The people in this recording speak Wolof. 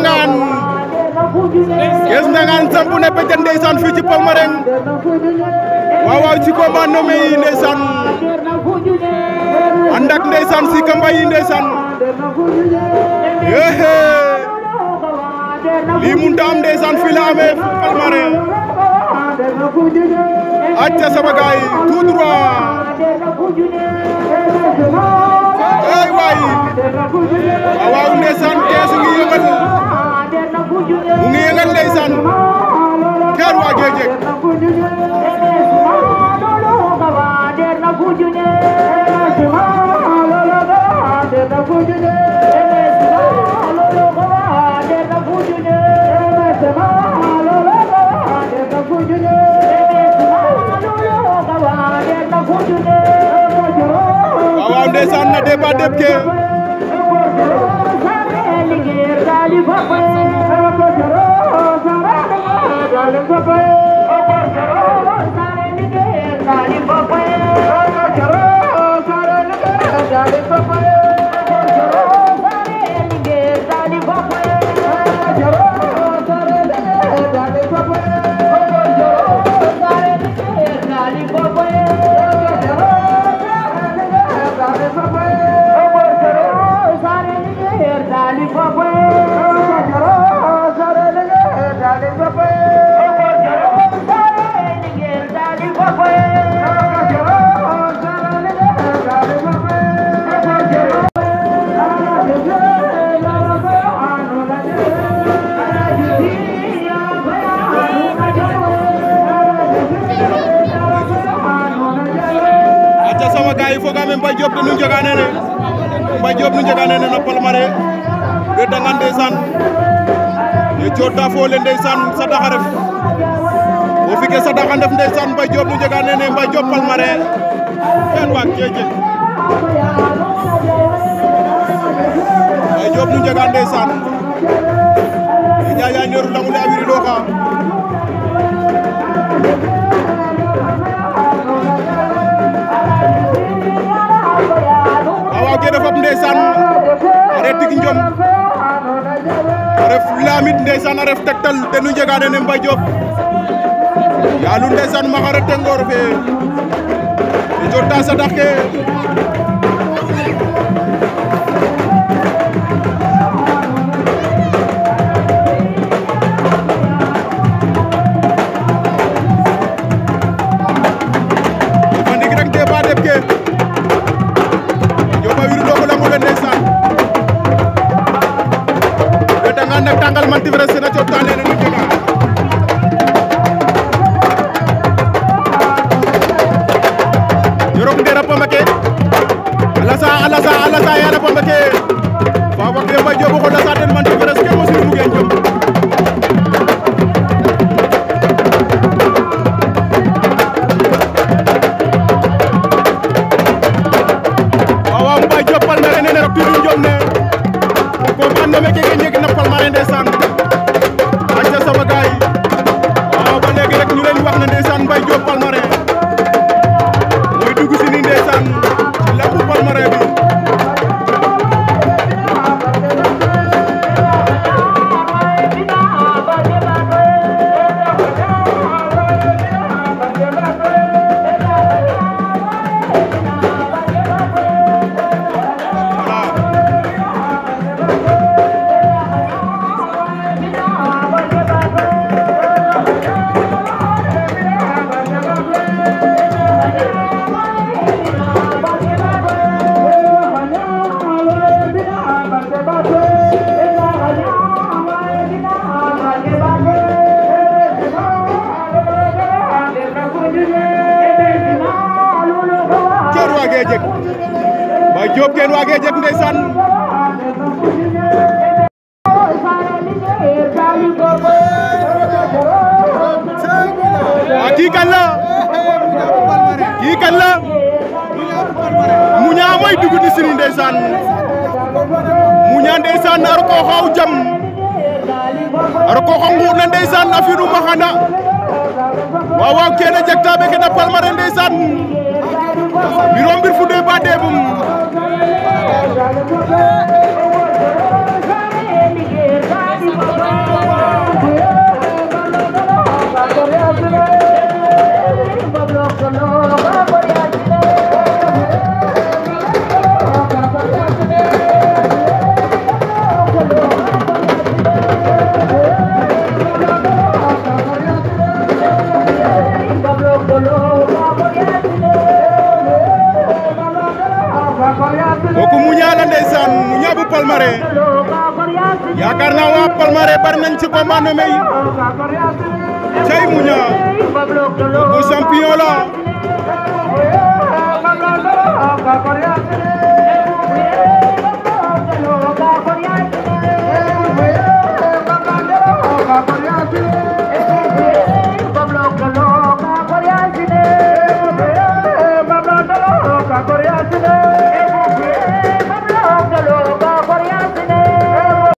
Guess Ndangane Guess Ndangane samp na bëccëg ndeysaan fii ci Palmarin waaw waaw ci combat nommé yi ndeysaan ànd ak ndeysaan si kamba yi ndeysaan yéhé lii mun ta am ndeysaan fii la amee Palmarin acca sama gaay tout droit ay waay waaw ndeysaan keesu waaw ndeysaan na débat déb ke Mame Mbaye Diop de nu njega nene Mbaye Diop nu njega nene no Palmarin ɗetangan ndeysaan ye cooɗta fo le ndeysaan sadaxa ref wo fike sadaxa ndef ndeysaan Mbaye Diop nu njega nene Mbaye Diop jeje dig njom ref lamit ndeysaan a ref tektal tenu njega nene Mbaye Diop Yalou ndeysaan maxa rete ngoor fe ne jota sadax ke ಮುಖ್ಯಮಂತ್ರಿ ವೀರಸೇನ ಚೌತಾಲೆ ನಡೆಯುತ್ತಿದ್ದಾರೆ yorum de rap mbake alasa alasa alasa ya rap mbake fa wax de ba jobu ko lasa den man waagee jeg Mbaye Diop kenn waagee jeg ndeysaan waa kii kan la kii kan la Muñaa mooy dugg di sini ndeysaan Muñaa ndeysaan ar ko xaw jam ar ko xaw nguur na ndeysaan waaw waaw kene jeg taabe ke na Palmarin ndeysaan kooku Mouniang la ndeysaan Mouniang bu Palmarin yaakaar naa waa Palmarin bari nañ ci combat nommé yi cay Mouniang kooku la